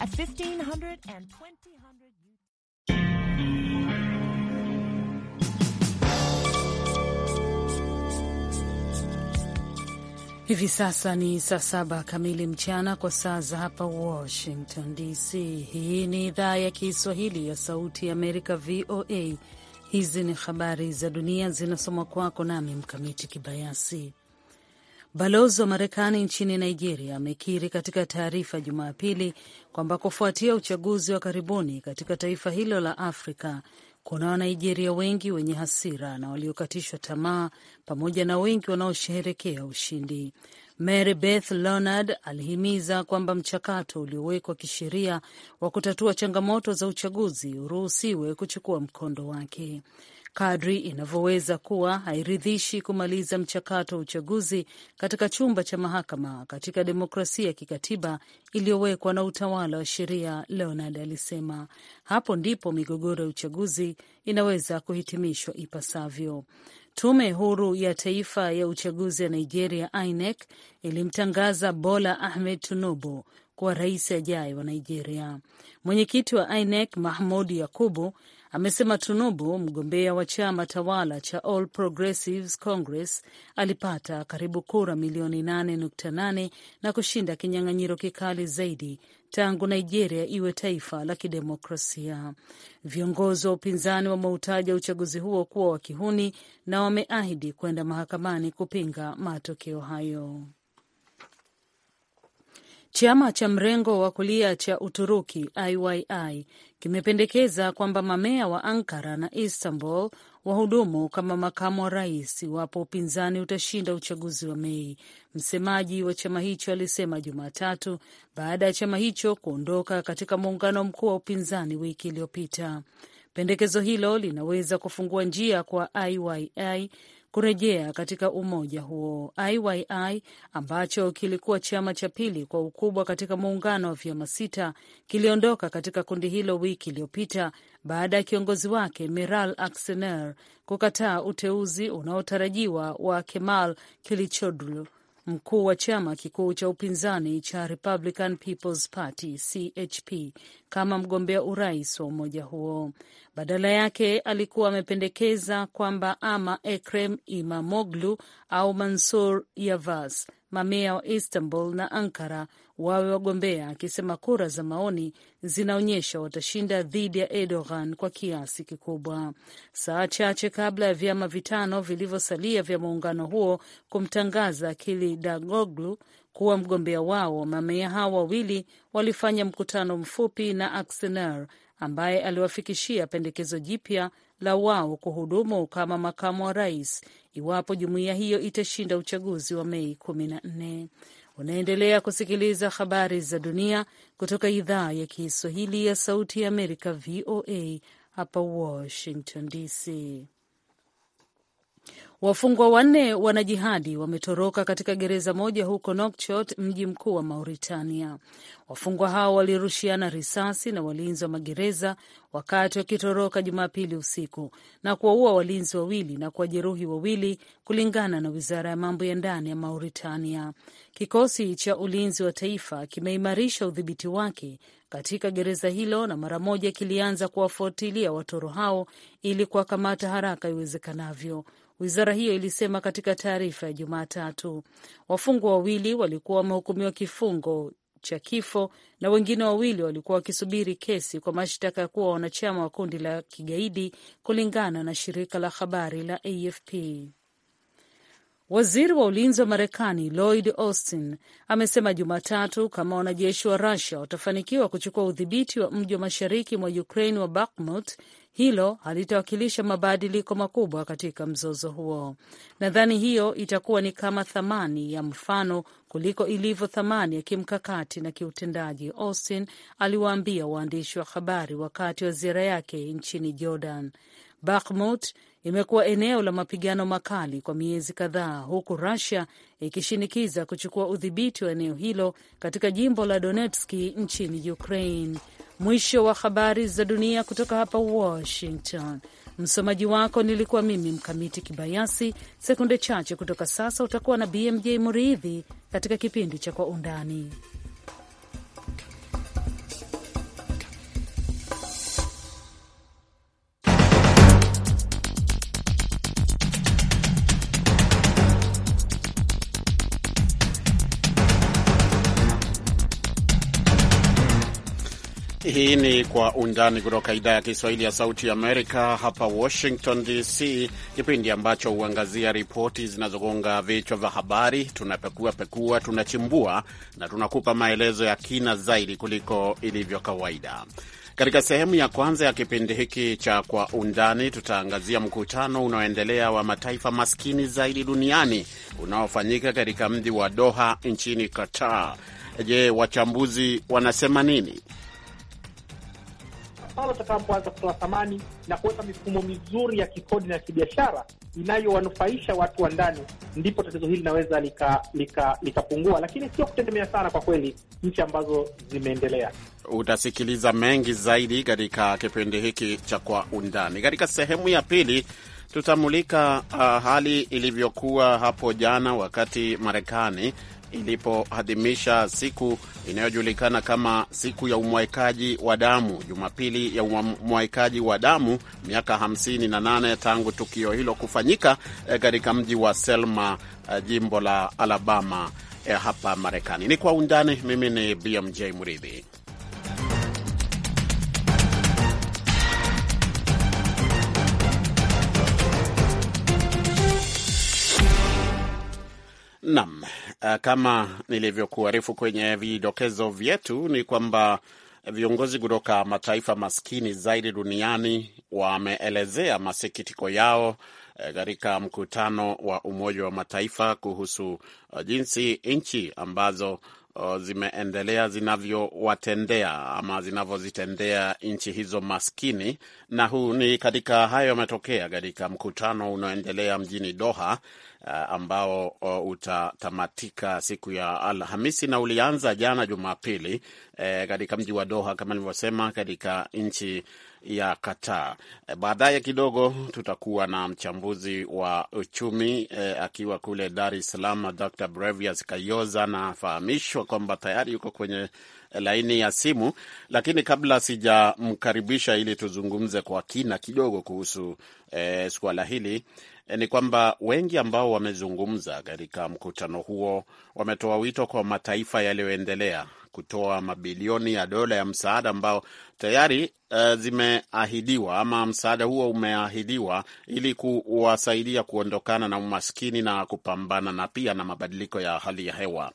at 1500 and 2000. Hivi sasa ni saa saba kamili mchana kwa saa za hapa Washington DC. Hii ni idhaa ya Kiswahili ya Sauti ya Amerika, VOA. Hizi ni habari za dunia zinasomwa kwako nami Mkamiti Kibayasi. Balozi wa Marekani nchini Nigeria amekiri katika taarifa Jumapili kwamba kufuatia uchaguzi wa karibuni katika taifa hilo la Afrika, kuna Wanaijeria wengi wenye hasira na waliokatishwa tamaa pamoja na wengi wanaosherehekea ushindi. Mary Beth Leonard alihimiza kwamba mchakato uliowekwa kisheria wa kutatua changamoto za uchaguzi uruhusiwe kuchukua mkondo wake kadri inavyoweza kuwa hairidhishi kumaliza mchakato wa uchaguzi katika chumba cha mahakama katika demokrasia ya kikatiba iliyowekwa na utawala wa sheria, Leonard alisema. Hapo ndipo migogoro ya uchaguzi inaweza kuhitimishwa ipasavyo. Tume huru ya taifa ya uchaguzi ya Nigeria, INEC, ilimtangaza Bola Ahmed Tinubu kuwa rais ajaye wa Nigeria. Mwenyekiti wa INEC mahmud Yakubu amesema Tunubu, mgombea wa chama tawala cha All Progressives Congress, alipata karibu kura milioni 8.8 na kushinda kinyang'anyiro kikali zaidi tangu Nigeria iwe taifa la kidemokrasia. Viongozi wa upinzani wameutaja uchaguzi huo kuwa wa kihuni na wameahidi kwenda mahakamani kupinga matokeo hayo. Chama cha mrengo wa kulia cha Uturuki IYI kimependekeza kwamba mamea wa Ankara na Istanbul wahudumu kama makamu wa rais iwapo upinzani utashinda uchaguzi wa Mei. Msemaji wa chama hicho alisema Jumatatu baada ya chama hicho kuondoka katika muungano mkuu wa upinzani wiki iliyopita. Pendekezo hilo linaweza kufungua njia kwa IYI kurejea katika umoja huo. IYI ambacho kilikuwa chama cha pili kwa ukubwa katika muungano wa vyama sita kiliondoka katika kundi hilo wiki iliyopita baada ya kiongozi wake miral Aksener kukataa uteuzi unaotarajiwa wa Kemal Kilichdaroglu mkuu wa chama kikuu cha upinzani cha Republican People's Party CHP kama mgombea urais wa umoja huo. Badala yake alikuwa amependekeza kwamba ama Ekrem Imamoglu au Mansur Yavas, mamea wa Istanbul na Ankara wawe wagombea, akisema kura za maoni zinaonyesha watashinda dhidi ya Erdogan kwa kiasi kikubwa, saa chache kabla ya vyama vitano vilivyosalia vya muungano huo kumtangaza Kilicdaroglu kuwa mgombea wao. Mameya hao wawili walifanya mkutano mfupi na Aksener ambaye aliwafikishia pendekezo jipya la wao kuhudumu kama makamu wa rais iwapo jumuiya hiyo itashinda uchaguzi wa Mei kumi na nne. Unaendelea kusikiliza habari za dunia kutoka idhaa ya Kiswahili ya Sauti ya Amerika, VOA hapa Washington DC. Wafungwa wanne wanajihadi wametoroka katika gereza moja huko Nouakchott, mji mkuu wa Mauritania. Wafungwa hao walirushiana risasi na walinzi wa magereza wakati wakitoroka Jumapili usiku na kuwaua walinzi wawili na kuwajeruhi wawili, kulingana na wizara ya mambo ya ndani ya Mauritania. Kikosi cha ulinzi wa taifa kimeimarisha udhibiti wake katika gereza hilo na mara moja kilianza kuwafuatilia watoro hao ili kuwakamata haraka iwezekanavyo wizara hiyo ilisema katika taarifa ya Jumatatu. Wafungwa wawili walikuwa wamehukumiwa kifungo cha kifo na wengine wawili walikuwa wakisubiri kesi kwa mashtaka ya kuwa wanachama wa kundi la kigaidi, kulingana na shirika la habari la AFP. Waziri wa ulinzi wa Marekani Lloyd Austin amesema Jumatatu kama wanajeshi wa Rusia watafanikiwa kuchukua udhibiti wa mji wa mashariki mwa Ukraine wa Bakhmut, hilo halitawakilisha mabadiliko makubwa katika mzozo huo. Nadhani hiyo itakuwa ni kama thamani ya mfano kuliko ilivyo thamani ya kimkakati na kiutendaji, Austin aliwaambia waandishi wa habari wakati wa ziara yake nchini Jordan. Bakhmut imekuwa eneo la mapigano makali kwa miezi kadhaa, huku Rusia ikishinikiza kuchukua udhibiti wa eneo hilo katika jimbo la Donetski nchini Ukraine. Mwisho wa habari za dunia kutoka hapa Washington. Msomaji wako nilikuwa mimi Mkamiti Kibayasi. Sekunde chache kutoka sasa utakuwa na BMJ Muridhi katika kipindi cha Kwa Undani. Hii ni Kwa Undani kutoka idhaa ya Kiswahili ya Sauti Amerika hapa Washington DC, kipindi ambacho huangazia ripoti zinazogonga vichwa vya habari. Tunapekua pekua, tunachimbua na tunakupa maelezo ya kina zaidi kuliko ilivyo kawaida. Katika sehemu ya kwanza ya kipindi hiki cha Kwa Undani, tutaangazia mkutano unaoendelea wa mataifa maskini zaidi duniani unaofanyika katika mji wa Doha nchini Qatar. Je, wachambuzi wanasema nini? pale utakapoanza kutoa thamani na kuweka mifumo mizuri ya kikodi na kibiashara inayowanufaisha watu wa ndani, ndipo tatizo hili linaweza likapungua lika, lika, lakini sio kutegemea sana kwa kweli nchi ambazo zimeendelea. Utasikiliza mengi zaidi katika kipindi hiki cha Kwa Undani. Katika sehemu ya pili tutamulika uh, hali ilivyokuwa hapo jana wakati Marekani ilipoadhimisha siku inayojulikana kama siku ya umwaikaji wa damu, Jumapili ya umwaikaji wa damu, miaka 58 tangu tukio hilo kufanyika eh, katika mji wa Selma, eh, jimbo la Alabama eh, hapa Marekani. Ni kwa undani. Mimi ni BMJ Muridhi. Nam, Eh, kama nilivyokuarifu kwenye vidokezo vyetu, ni kwamba viongozi kutoka mataifa maskini zaidi duniani wameelezea masikitiko yao eh, katika mkutano wa Umoja wa Mataifa kuhusu eh, jinsi nchi ambazo Uh, zimeendelea zinavyowatendea ama zinavyozitendea nchi hizo maskini, na huu ni katika hayo yametokea katika mkutano unaoendelea mjini Doha uh, ambao uh, utatamatika siku ya Alhamisi na ulianza jana Jumapili uh, katika mji wa Doha kama nilivyosema, katika nchi ya Qatar. Eh, baadaye kidogo tutakuwa na mchambuzi wa uchumi e, akiwa kule Dar es Salaam, Dr Brevias Kayoza, na afahamishwa kwamba tayari yuko kwenye laini ya simu, lakini kabla sijamkaribisha ili tuzungumze kwa kina kidogo kuhusu e, suala hili Eh, ni kwamba wengi ambao wamezungumza katika mkutano huo wametoa wito kwa mataifa yaliyoendelea kutoa mabilioni ya dola ya msaada ambao tayari uh, zimeahidiwa ama msaada huo umeahidiwa ili kuwasaidia kuondokana na umaskini na kupambana na pia na mabadiliko ya hali ya hewa.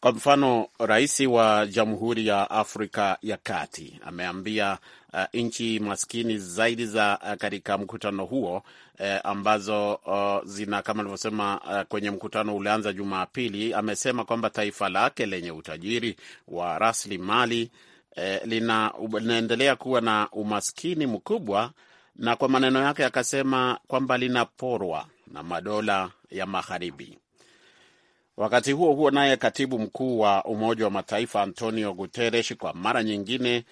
Kwa mfano, rais wa Jamhuri ya Afrika ya Kati ameambia uh, nchi maskini zaidi za uh, katika mkutano huo eh, ambazo uh, zina kama alivyosema uh, kwenye mkutano ulianza Jumapili. Amesema kwamba taifa lake lenye utajiri wa rasilimali eh, lina, linaendelea kuwa na umaskini mkubwa, na kwa maneno yake akasema kwamba linaporwa na madola ya Magharibi. Wakati huo huo, naye katibu mkuu wa Umoja wa Mataifa Antonio Guterres kwa mara nyingine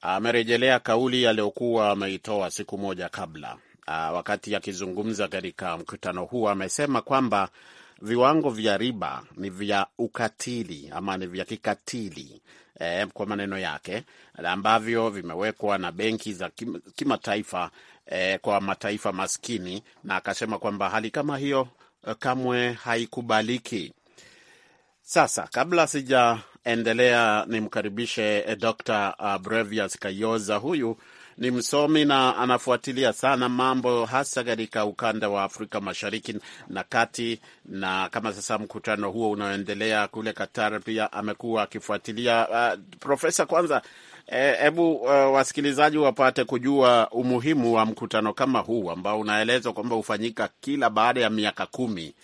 amerejelea kauli aliyokuwa ameitoa siku moja kabla Uh, wakati akizungumza katika mkutano huo amesema kwamba viwango vya riba ni vya ukatili ama ni vya kikatili e, kwa maneno yake ambavyo vimewekwa na benki za kimataifa e, kwa mataifa maskini, na akasema kwamba hali kama hiyo eh, kamwe haikubaliki. Sasa kabla sijaendelea nimkaribishe d Dr. Ah, Brevias Kayoza huyu ni msomi na anafuatilia sana mambo hasa katika ukanda wa Afrika Mashariki na Kati, na kama sasa mkutano huo unaoendelea kule Qatar pia amekuwa akifuatilia. Uh, Profesa, kwanza eh, hebu e, uh, wasikilizaji wapate kujua umuhimu wa mkutano kama huu ambao unaelezwa kwamba hufanyika kila baada ya miaka kumi.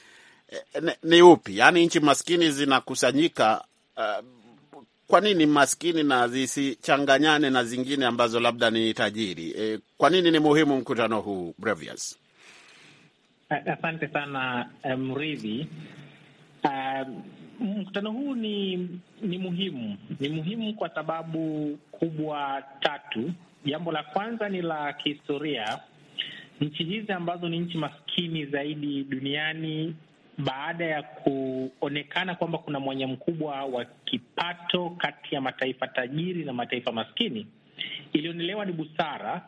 E, ni, ni upi? Yaani nchi maskini zinakusanyika uh, kwa nini maskini na zisichanganyane na zingine ambazo labda ni tajiri? E, kwa nini ni muhimu mkutano huu Brevius? Asante sana eh, Mridhi. Um, mkutano huu ni ni muhimu, ni muhimu kwa sababu kubwa tatu. Jambo la kwanza ni la kihistoria. Nchi hizi ambazo ni nchi maskini zaidi duniani baada ya kuonekana kwamba kuna mwanya mkubwa wa kipato kati ya mataifa tajiri na mataifa maskini, ilionelewa ni busara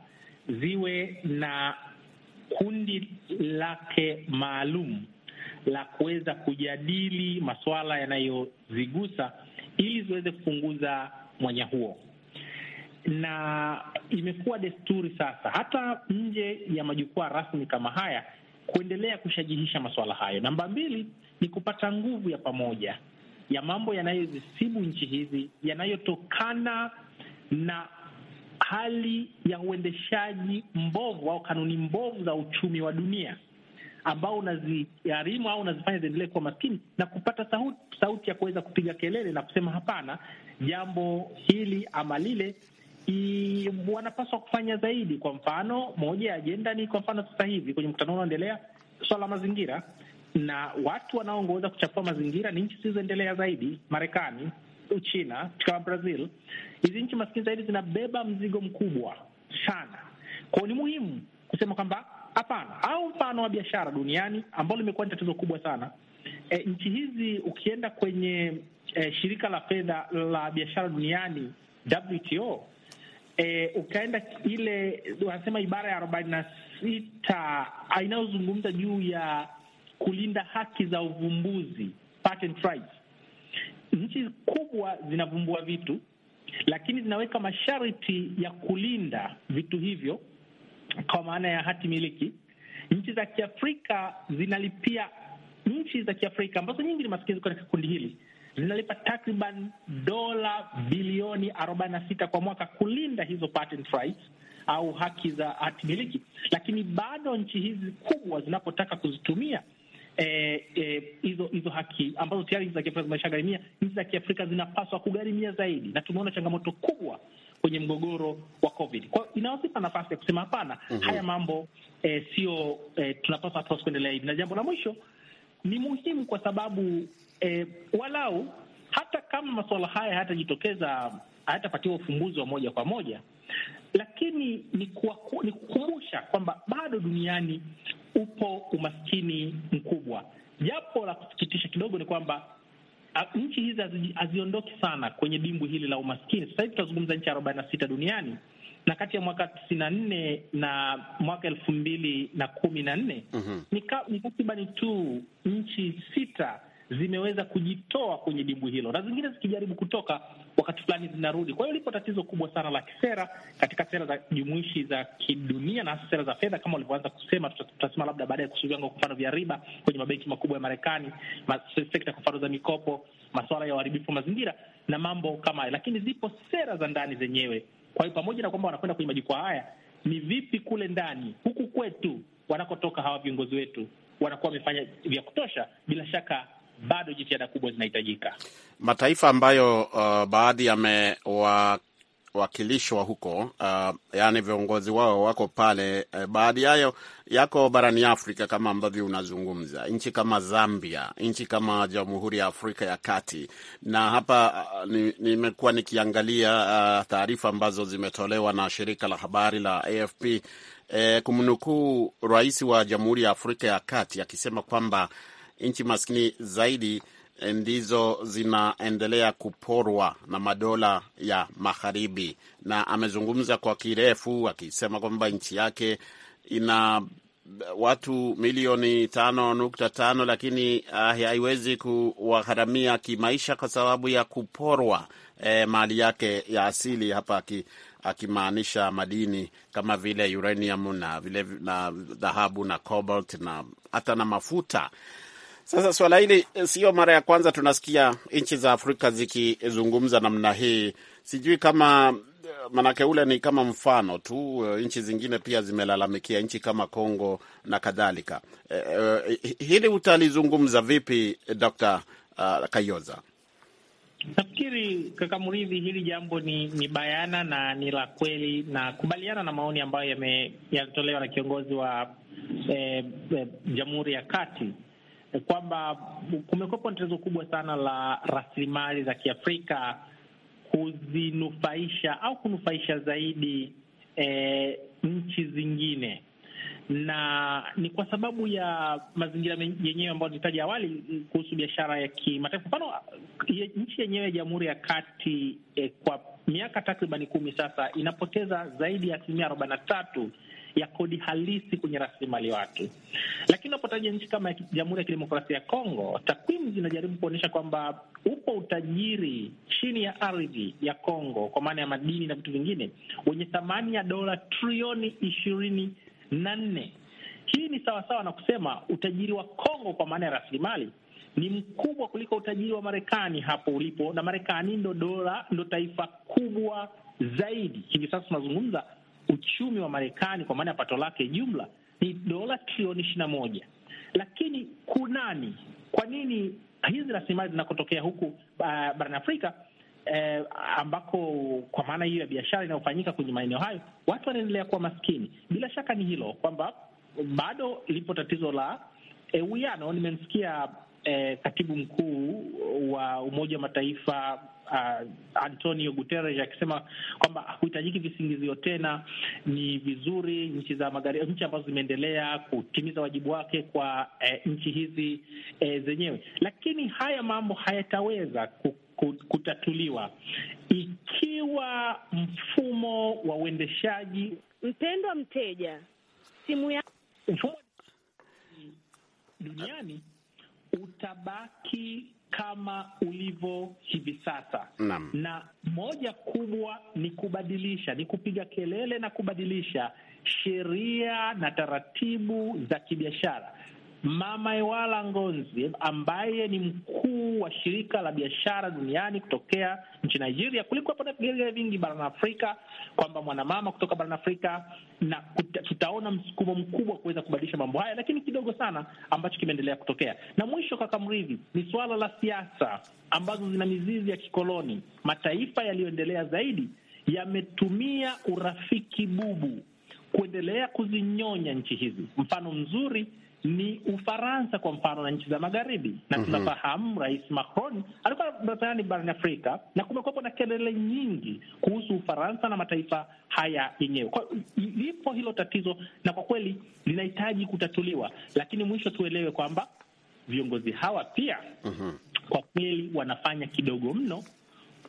ziwe na kundi lake maalum la kuweza kujadili masuala yanayozigusa ili ziweze kupunguza mwanya huo, na imekuwa desturi sasa hata nje ya majukwaa rasmi kama haya kuendelea kushajihisha masuala hayo. Namba mbili ni kupata nguvu ya pamoja ya mambo yanayozisibu nchi hizi yanayotokana na hali ya uendeshaji mbovu au kanuni mbovu za uchumi wa dunia ambao unaziharimu au unazifanya ziendelee kuwa maskini, na kupata sauti, sauti ya kuweza kupiga kelele na kusema hapana, jambo hili ama lile i, wanapaswa kufanya zaidi. Kwa mfano, moja ya ajenda ni kwa mfano sasa hivi kwenye mkutano unaoendelea swala la mazingira, na watu wanaoongoza kuchafua mazingira ni nchi zilizoendelea zaidi, Marekani, Uchina kama Brazil. Hizi nchi maskini zaidi zinabeba mzigo mkubwa sana kwao. Ni muhimu kusema kwamba hapana, au mfano wa biashara duniani ambalo limekuwa ni tatizo kubwa sana e, nchi hizi ukienda kwenye e, shirika la fedha la biashara duniani WTO e, ukaenda ile wanasema ibara ya arobaini na sita inayozungumza juu ya kulinda haki za uvumbuzi patent rights. Nchi kubwa zinavumbua vitu, lakini zinaweka masharti ya kulinda vitu hivyo kwa maana ya hati miliki. Nchi za Kiafrika zinalipia nchi za Kiafrika ambazo nyingi ni maskini katika kundi hili linalipa takriban dola bilioni arobaini na sita kwa mwaka kulinda hizo patent rights au haki za hati miliki, lakini bado nchi hizi kubwa zinapotaka kuzitumia hizo Eh, eh, haki ambazo tayari nchi za Kiafrika zimeshagharimia, nchi za Kiafrika zinapaswa kugharimia zaidi, na tumeona changamoto kubwa kwenye mgogoro wa COVID. Kwa hiyo inawazipa nafasi ya kusema hapana, mm -hmm. haya mambo eh, sio eh, tunapaswa hatuwasi kuendelea hivi. Na jambo la mwisho ni muhimu kwa sababu e, walau hata kama masuala haya hayatajitokeza hayatapatiwa ufumbuzi wa moja kwa moja, lakini ni kukumbusha kwamba bado duniani upo umaskini mkubwa. Japo la kusikitisha kidogo ni kwamba nchi hizi haziondoki sana kwenye dimbwi hili la umaskini. Sasa hivi tunazungumza nchi arobaini na sita duniani na kati ya mwaka tisini na nne na mwaka elfu mbili na kumi na nne mhm. ni takribani tu nchi sita zimeweza kujitoa kwenye dimbwi hilo, na zingine zikijaribu kutoka, wakati fulani zinarudi. Kwa hiyo lipo tatizo kubwa sana la kisera katika sera za jumuishi za kidunia na hasa sera za fedha, kama ulivyoanza kusema. Tutasema labda baadaye kuhusu viwango kwa mfano vya riba kwenye mabenki makubwa ya Marekani, sekta kwa mfano za mikopo, masuala ya uharibifu wa mazingira na mambo kama hayo, lakini zipo sera za ndani zenyewe. Kwa hiyo pamoja na kwamba wanakwenda kwenye majukwaa haya, ni vipi kule ndani huku kwetu wanakotoka hawa viongozi wetu wanakuwa wamefanya vya kutosha? Bila shaka bado jitihada kubwa zinahitajika. Mataifa ambayo uh, baadhi yamewakilishwa huko uh, yaani viongozi wao wako pale uh, baadhi yayo yako barani Afrika kama ambavyo unazungumza, nchi kama Zambia, nchi kama Jamhuri ya Afrika ya Kati. Na hapa uh, nimekuwa ni nikiangalia uh, taarifa ambazo zimetolewa na shirika la habari la AFP eh, kumnukuu rais wa Jamhuri ya Afrika ya Kati akisema kwamba nchi maskini zaidi eh, ndizo zinaendelea kuporwa na madola ya magharibi, na amezungumza kwa kirefu akisema kwamba nchi yake ina eh, watu milioni tano nukta tano lakini uh, haiwezi kuwagharamia kimaisha kwa sababu ya kuporwa eh, mali yake ya asili hapa, akimaanisha madini kama vile uranium na vile na dhahabu na cobalt na hata na mafuta sasa swala hili eh, sio mara ya kwanza tunasikia nchi za Afrika zikizungumza namna hii. Sijui kama eh, manake ule ni kama mfano tu, eh, nchi zingine pia zimelalamikia, nchi kama Kongo na kadhalika. hili utalizungumza vipi Dr. Ah, Kayoza? Nafikiri kaka Mridhi, hili jambo ni, ni bayana na ni la kweli, na kubaliana na maoni ambayo yalitolewa na kiongozi wa eh, eh, Jamhuri ya Kati kwamba kumekuwepo na tatizo kubwa sana la rasilimali za Kiafrika kuzinufaisha au kunufaisha zaidi e, nchi zingine na ni kwa sababu ya mazingira yenyewe ambayo nilitaja awali kuhusu biashara ya kimataifa. Mfano, nchi yenyewe ya Jamhuri ya Kati eh, kwa miaka takribani kumi sasa inapoteza zaidi ya asilimia arobaini na tatu ya kodi halisi kwenye rasilimali watu. Lakini unapotaja nchi kama Jamhuri ya Kidemokrasia ya Kongo, takwimu zinajaribu kuonyesha kwamba upo utajiri chini ya ardhi ya Kongo, kwa maana ya madini na vitu vingine, wenye thamani ya dola trilioni ishirini na nne. Hii ni sawasawa na kusema utajiri wa Kongo kwa maana ya rasilimali ni mkubwa kuliko utajiri wa Marekani hapo ulipo, na Marekani ndo dola ndo taifa kubwa zaidi hivi sasa tunazungumza uchumi wa Marekani kwa maana ya pato lake jumla ni dola trilioni ishirini na moja, lakini kunani, kwa nini hizi rasilimali zinakotokea huku uh, barani Afrika eh, ambako kwa maana hiyo ya biashara inayofanyika kwenye maeneo hayo watu wanaendelea kuwa maskini? Bila shaka ni hilo kwamba bado lipo tatizo la uwiano. Eh, nimemsikia eh, katibu mkuu wa Umoja wa Mataifa uh, Antonio Guterres akisema kwamba hakuhitajiki visingizio tena. Ni vizuri nchi za magharibi, nchi ambazo zimeendelea kutimiza wajibu wake kwa eh, nchi hizi eh, zenyewe, lakini haya mambo hayataweza kutatuliwa ikiwa mfumo wa uendeshaji. Mpendwa mteja, simu ya mfumo duniani utabaki kama ulivyo hivi sasa na, na moja kubwa ni kubadilisha, ni kupiga kelele na kubadilisha sheria na taratibu za kibiashara Mama Ewala Ngozi ambaye ni mkuu wa shirika la biashara duniani kutokea nchi Nigeria, kulikuwepo na vigelegele vingi barani Afrika, kwamba mwanamama kutoka barani Afrika, na tutaona msukumo mkubwa kuweza kubadilisha mambo haya, lakini kidogo sana ambacho kimeendelea kutokea. Na mwisho, kaka Mridhi, ni suala la siasa ambazo zina mizizi ya kikoloni. Mataifa yaliyoendelea zaidi yametumia urafiki bubu kuendelea kuzinyonya nchi hizi. Mfano mzuri ni Ufaransa kwa mfano na nchi za magharibi, na mhm. tunafahamu mm -hmm. Rais Macron alikuwa ziarani barani Afrika na kumekuwepo na kelele nyingi kuhusu Ufaransa na mataifa haya yenyewe. Lipo hilo tatizo, na kwa kweli linahitaji kutatuliwa, lakini mwisho tuelewe kwamba viongozi hawa pia mm -hmm. kwa kweli wanafanya kidogo mno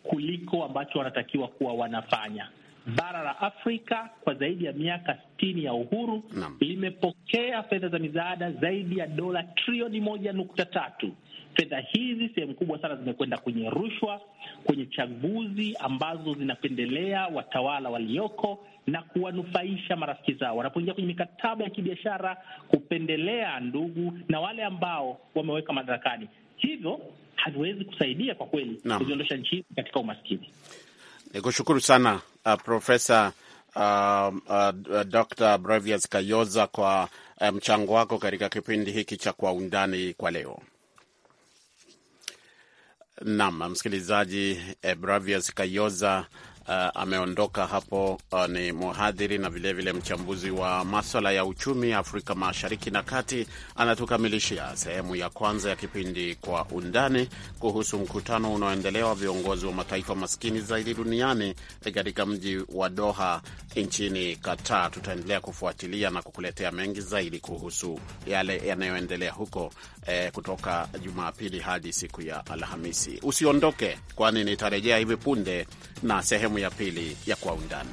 kuliko ambacho wanatakiwa kuwa wanafanya bara la Afrika kwa zaidi ya miaka sitini ya uhuru limepokea fedha za misaada zaidi ya dola trilioni moja nukta tatu. Fedha hizi sehemu kubwa sana zimekwenda kwenye rushwa, kwenye chaguzi ambazo zinapendelea watawala walioko na kuwanufaisha marafiki zao wanapoingia kwenye mikataba ya kibiashara, kupendelea ndugu na wale ambao wameweka madarakani. Hivyo haviwezi kusaidia kwa kweli kuziondosha nchi katika umaskini. Ni kushukuru sana uh, Profesa um, uh, uh, Dr. Brevius Kayoza kwa um, mchango um, wako katika kipindi hiki cha Kwa Undani kwa leo. Naam msikilizaji, eh, Bravias Kayoza uh, ameondoka hapo. Uh, ni mhadhiri na vilevile vile mchambuzi wa maswala ya uchumi Afrika Mashariki na Kati. Anatukamilishia sehemu ya kwanza ya kipindi Kwa Undani kuhusu mkutano unaoendelea wa viongozi wa mataifa maskini zaidi duniani eh, katika mji wa Doha nchini Qatar. Tutaendelea kufuatilia na kukuletea mengi zaidi kuhusu yale yanayoendelea huko eh, kutoka Jumapili hadi siku ya Alhamisi. Usiondoke, kwani nitarejea hivi punde na sehemu sehemu ya pili ya Kwa Undani.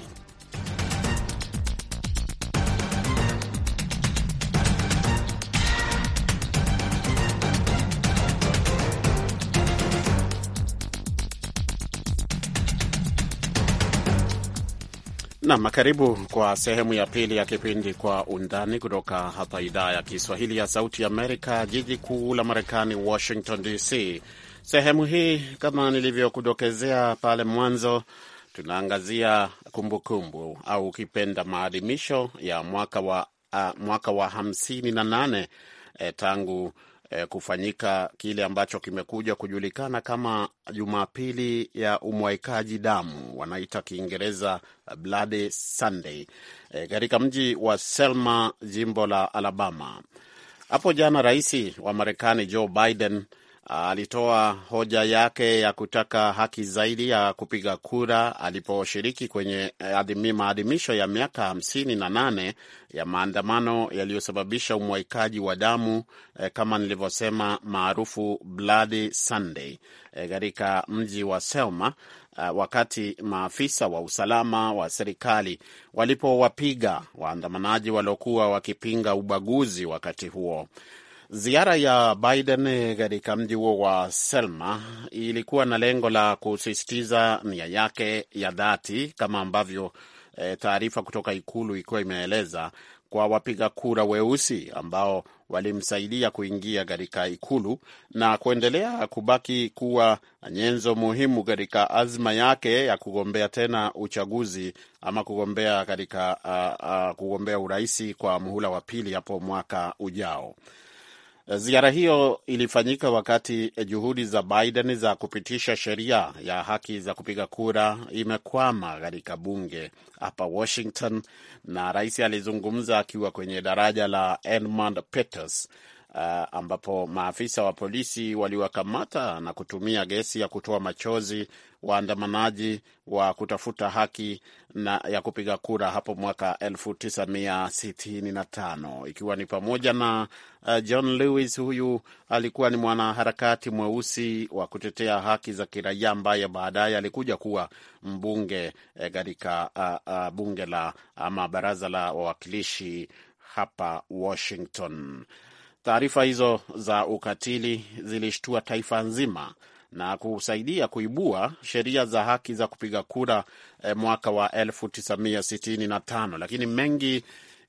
Nam, karibu kwa sehemu ya pili ya kipindi Kwa Undani kutoka hapa idhaa ya Kiswahili ya Sauti Amerika, jiji kuu la Marekani, Washington DC. Sehemu hii kama nilivyokudokezea pale mwanzo tunaangazia kumbukumbu au ukipenda maadhimisho ya mwaka wa, uh, mwaka wa hamsini na nane eh, tangu eh, kufanyika kile ambacho kimekuja kujulikana kama Jumapili ya umwaikaji damu, wanaita Kiingereza Bloody Sunday eh, katika mji wa Selma, jimbo la Alabama. Hapo jana rais wa Marekani Joe Biden alitoa hoja yake ya kutaka haki zaidi ya kupiga kura aliposhiriki kwenye eh, maadhimisho ya miaka hamsini na nane ya maandamano yaliyosababisha umwaikaji wa damu eh, kama nilivyosema maarufu Bloody Sunday eh, katika eh, mji wa Selma eh, wakati maafisa wa usalama wa serikali walipowapiga waandamanaji waliokuwa wakipinga ubaguzi wakati huo. Ziara ya Biden katika mji huo wa Selma ilikuwa na lengo la kusisitiza nia yake ya dhati kama ambavyo e, taarifa kutoka ikulu ikiwa imeeleza kwa wapiga kura weusi ambao walimsaidia kuingia katika ikulu na kuendelea kubaki kuwa nyenzo muhimu katika azma yake ya kugombea tena uchaguzi ama kugombea katika uh, uh, kugombea uraisi kwa muhula wa pili hapo mwaka ujao. Ziara hiyo ilifanyika wakati eh, juhudi za Biden za kupitisha sheria ya haki za kupiga kura imekwama katika bunge hapa Washington, na rais alizungumza akiwa kwenye daraja la Edmund Pettus uh, ambapo maafisa wa polisi waliwakamata na kutumia gesi ya kutoa machozi waandamanaji wa kutafuta haki na ya kupiga kura hapo mwaka 1965 ikiwa ni pamoja na uh, John Lewis. Huyu alikuwa ni mwanaharakati mweusi wa kutetea haki za kiraia ambaye baadaye alikuja kuwa mbunge eh, katika uh, uh, bunge la ama baraza la wawakilishi hapa Washington. Taarifa hizo za ukatili zilishtua taifa nzima na kusaidia kuibua sheria za haki za kupiga kura eh, mwaka wa 1965 lakini mengi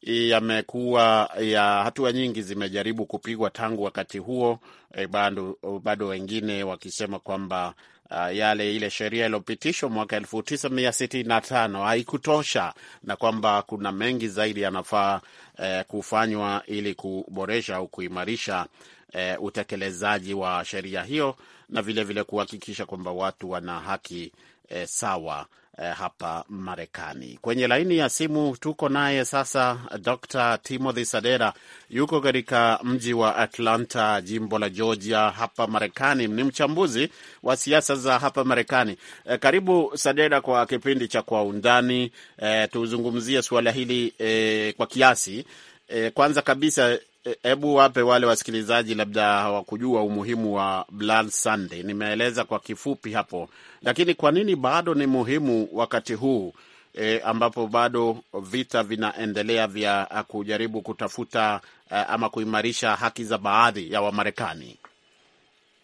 eh, yamekuwa ya hatua nyingi zimejaribu kupigwa tangu wakati huo eh, bado, bado wengine wakisema kwamba uh, yale ile sheria iliyopitishwa mwaka elfu tisa mia sitini na tano haikutosha na kwamba kuna mengi zaidi yanafaa eh, kufanywa ili kuboresha au kuimarisha eh, utekelezaji wa sheria hiyo na vilevile kuhakikisha kwamba watu wana haki eh, sawa eh, hapa Marekani. Kwenye laini ya simu tuko naye sasa Dr. Timothy Sadera, yuko katika mji wa Atlanta, jimbo la Georgia hapa Marekani. Ni mchambuzi wa siasa za hapa Marekani. Eh, karibu Sadera kwa kipindi cha Kwa Undani. Eh, tuzungumzie suala hili eh, kwa kiasi. Eh, kwanza kabisa Eh, hebu wape wale wasikilizaji labda hawakujua umuhimu wa Blood Sunday. Nimeeleza kwa kifupi hapo, lakini kwa nini bado ni muhimu wakati huu e, ambapo bado vita vinaendelea vya kujaribu kutafuta eh, ama kuimarisha haki za baadhi ya Wamarekani?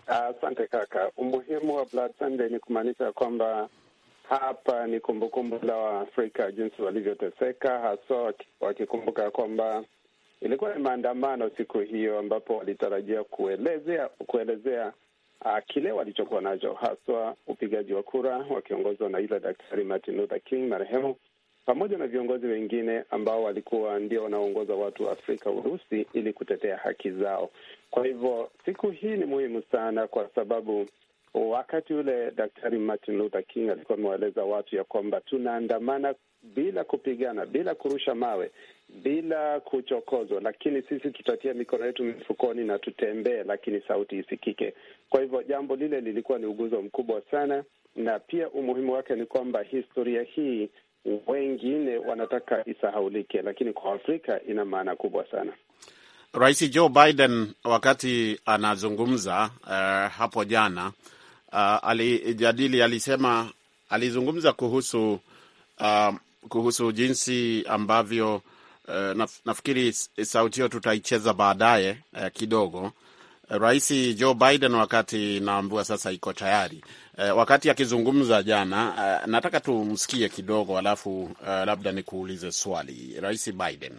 Asante uh, kaka. Umuhimu wa Blood Sunday ni kumaanisha kwamba hapa ni kumbukumbu la Waafrika jinsi walivyoteseka, haswa wakikumbuka kwamba Ilikuwa ni maandamano siku hiyo ambapo walitarajia kuelezea kuelezea uh, kile walichokuwa nacho haswa upigaji wa kura wakiongozwa na yule Daktari Martin Luther King marehemu pamoja na viongozi wengine ambao walikuwa ndio wanaongoza watu wa Afrika Urusi ili kutetea haki zao. Kwa hivyo siku hii ni muhimu sana, kwa sababu wakati ule Daktari Martin Luther King alikuwa amewaeleza watu ya kwamba tunaandamana bila kupigana, bila kurusha mawe, bila kuchokozwa, lakini sisi tutatia mikono yetu mifukoni na tutembee, lakini sauti isikike. Kwa hivyo jambo lile lilikuwa ni uguzo mkubwa sana, na pia umuhimu wake ni kwamba historia hii wengine wanataka isahaulike, lakini kwa Afrika ina maana kubwa sana. Rais Joe Biden wakati anazungumza uh, hapo jana uh, alijadili, alisema, alizungumza kuhusu uh, kuhusu jinsi ambavyo uh, naf nafikiri sauti hiyo tutaicheza baadaye uh, kidogo. Eh, Rais Joe Biden wakati naambiwa sasa iko tayari uh, wakati akizungumza jana uh, nataka tumsikie kidogo, alafu uh, labda nikuulize swali. Rais Biden: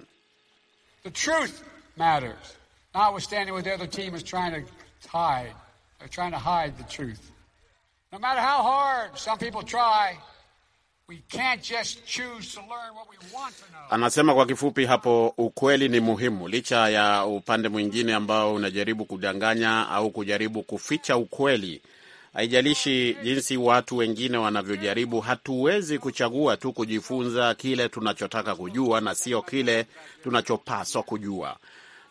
The truth matters notwithstanding what the other team is trying to hide. They're trying to hide the truth no matter how hard some people try Anasema kwa kifupi hapo, ukweli ni muhimu, licha ya upande mwingine ambao unajaribu kudanganya au kujaribu kuficha ukweli. Haijalishi jinsi watu wengine wanavyojaribu, hatuwezi kuchagua tu kujifunza kile tunachotaka kujua na sio kile tunachopaswa kujua.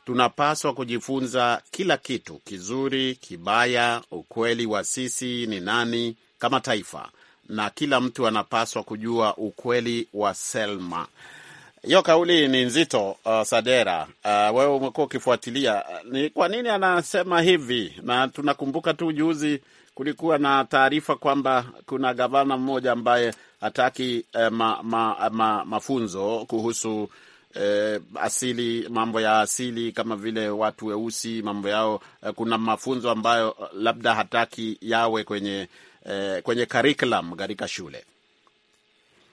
Tunapaswa kujifunza kila kitu, kizuri, kibaya, ukweli wa sisi ni nani kama taifa na kila mtu anapaswa kujua ukweli wa Selma. Hiyo kauli ni nzito. Uh, Sadera, uh, wewe umekuwa ukifuatilia uh, ni kwa nini anasema hivi, na tunakumbuka tu juzi kulikuwa na taarifa kwamba kuna gavana mmoja ambaye hataki eh, ma, ma, ma, mafunzo kuhusu eh, asili, mambo ya asili kama vile watu weusi, mambo yao eh, kuna mafunzo ambayo labda hataki yawe kwenye eh, kwenye curriculum katika shule?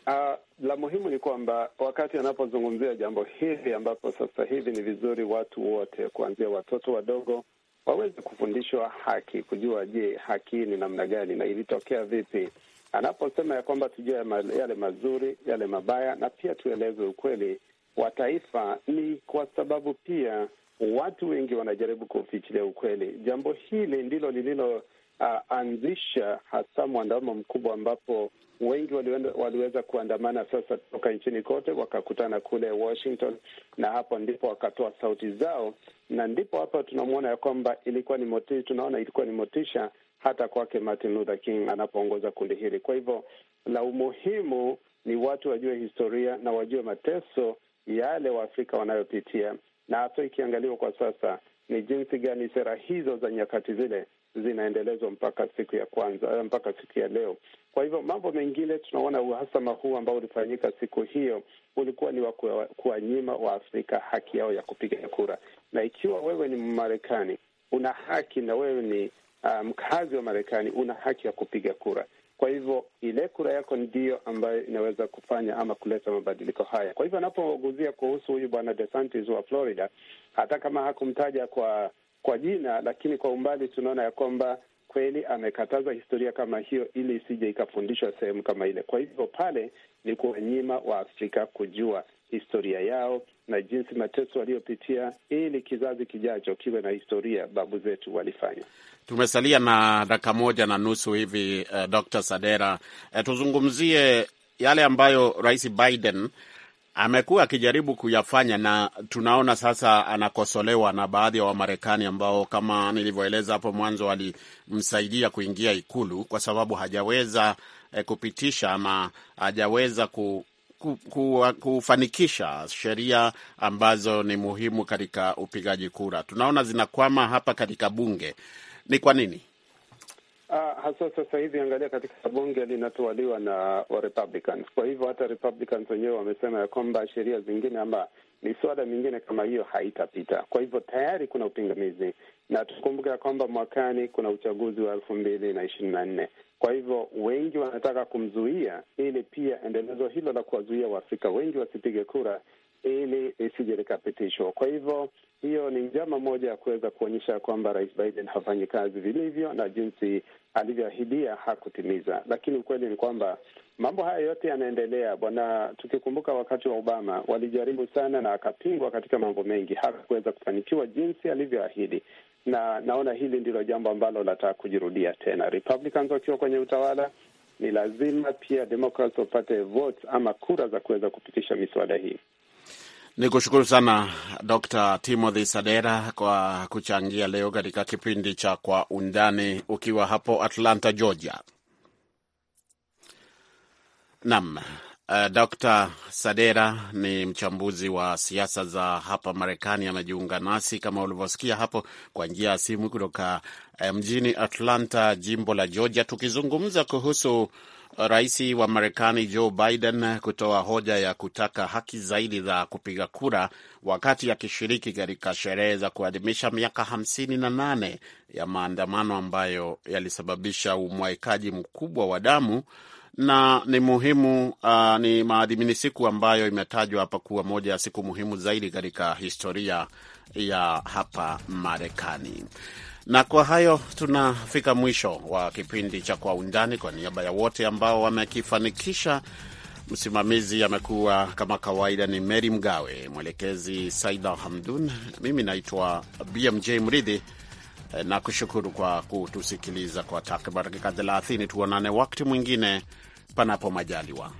Uh, la muhimu ni kwamba wakati anapozungumzia jambo hili ambapo sasa hivi ni vizuri watu wote kuanzia watoto wadogo waweze kufundishwa haki, kujua je, haki ni namna gani na ilitokea vipi. Anaposema ya kwamba tujue yale mazuri, yale mabaya, na pia tueleze ukweli wa taifa, ni kwa sababu pia watu wengi wanajaribu kufichilia ukweli. Jambo hili ndilo lililo uh, anzisha hasa mwandamo mkubwa ambapo wengi waliweza kuandamana sasa toka nchini kote, wakakutana kule Washington, na hapo ndipo wakatoa sauti zao, na ndipo hapa tunamwona ya kwamba ilikuwa ni moti, tunaona ilikuwa ni motisha hata kwake Martin Luther King anapoongoza kundi hili. Kwa hivyo la umuhimu ni watu wajue historia na wajue mateso yale Waafrika wanayopitia, na hasa ikiangaliwa kwa sasa ni jinsi gani sera hizo za nyakati zile zinaendelezwa mpaka siku ya kwanza eh, mpaka siku ya leo. Kwa hivyo mambo mengine tunaona uhasama huu ambao ulifanyika siku hiyo ulikuwa ni wa kuwanyima Waafrika haki yao ya kupiga kura, na ikiwa wewe ni marekani una haki na wewe ni ah, mkazi um, wa Marekani una haki ya kupiga kura. Kwa hivyo ile kura yako ndiyo ambayo inaweza kufanya ama kuleta mabadiliko haya. Kwa hivyo anapoguzia kuhusu huyu bwana DeSantis wa Florida, hata kama hakumtaja kwa kwa jina, lakini kwa umbali tunaona ya kwamba kweli amekataza historia kama hiyo ili isije ikafundishwa sehemu kama ile. Kwa hivyo pale ni kuwanyima Waafrika kujua historia yao na jinsi mateso waliyopitia ili kizazi kijacho kiwe na historia babu zetu walifanya. Tumesalia na dakika moja na nusu hivi, uh, Dr. Sadera, uh, tuzungumzie yale ambayo Rais Biden amekuwa akijaribu kuyafanya na tunaona sasa anakosolewa na baadhi ya wa Wamarekani ambao kama nilivyoeleza hapo mwanzo walimsaidia kuingia Ikulu kwa sababu hajaweza eh, kupitisha ama hajaweza ku kufanikisha sheria ambazo ni muhimu katika upigaji kura. Tunaona zinakwama hapa katika bunge. Ni kwa nini? Ah, hasa sasa hivi angalia, katika bunge linatawaliwa na wa Republicans. Kwa hivyo hata Republicans wenyewe wamesema ya kwamba sheria zingine ama miswada mingine kama hiyo haitapita. Kwa hivyo tayari kuna upingamizi, na tukumbuke ya kwamba mwakani kuna uchaguzi wa elfu mbili na ishirini na nne. Kwa hivyo wengi wanataka kumzuia, ili pia endelezo hilo la kuwazuia Waafrika wengi wasipige kura ili isije likapitishwa. Kwa hivyo hiyo ni njama moja ya kuweza kuonyesha kwamba rais Biden hafanyi kazi vilivyo na jinsi alivyoahidia hakutimiza. Lakini ukweli ni kwamba mambo haya yote yanaendelea, bwana. Tukikumbuka wakati wa Obama walijaribu sana na akapingwa katika mambo mengi, hakuweza kufanikiwa jinsi alivyoahidi, na naona hili ndilo jambo ambalo lataka kujirudia tena, Republicans wakiwa kwenye utawala ni lazima pia Democrats wapate votes ama kura za kuweza kupitisha miswada hii. Ni kushukuru sana Dr. Timothy Sadera kwa kuchangia leo katika kipindi cha Kwa Undani ukiwa hapo Atlanta, Georgia. Naam, uh, eh, Dr. Sadera ni mchambuzi wa siasa za hapa Marekani, amejiunga nasi kama ulivyosikia hapo kwa njia ya simu kutoka eh, mjini Atlanta, jimbo la Georgia, tukizungumza kuhusu Rais wa Marekani Joe Biden kutoa hoja ya kutaka haki zaidi za kupiga kura wakati akishiriki katika sherehe za kuadhimisha miaka hamsini na nane ya maandamano ambayo yalisababisha umwaikaji mkubwa wa damu na ni muhimu uh, ni maadhimini siku ambayo imetajwa hapa kuwa moja ya siku muhimu zaidi katika historia ya hapa Marekani. Na kwa hayo tunafika mwisho wa kipindi cha Kwa Undani. Kwa niaba ya wote ambao wamekifanikisha, msimamizi amekuwa kama kawaida ni Meri Mgawe, mwelekezi Saida Hamdun, mimi naitwa BMJ Mridhi eh, na kushukuru kwa kutusikiliza kwa takriban dakika 30. Tuonane wakati mwingine, panapo majaliwa.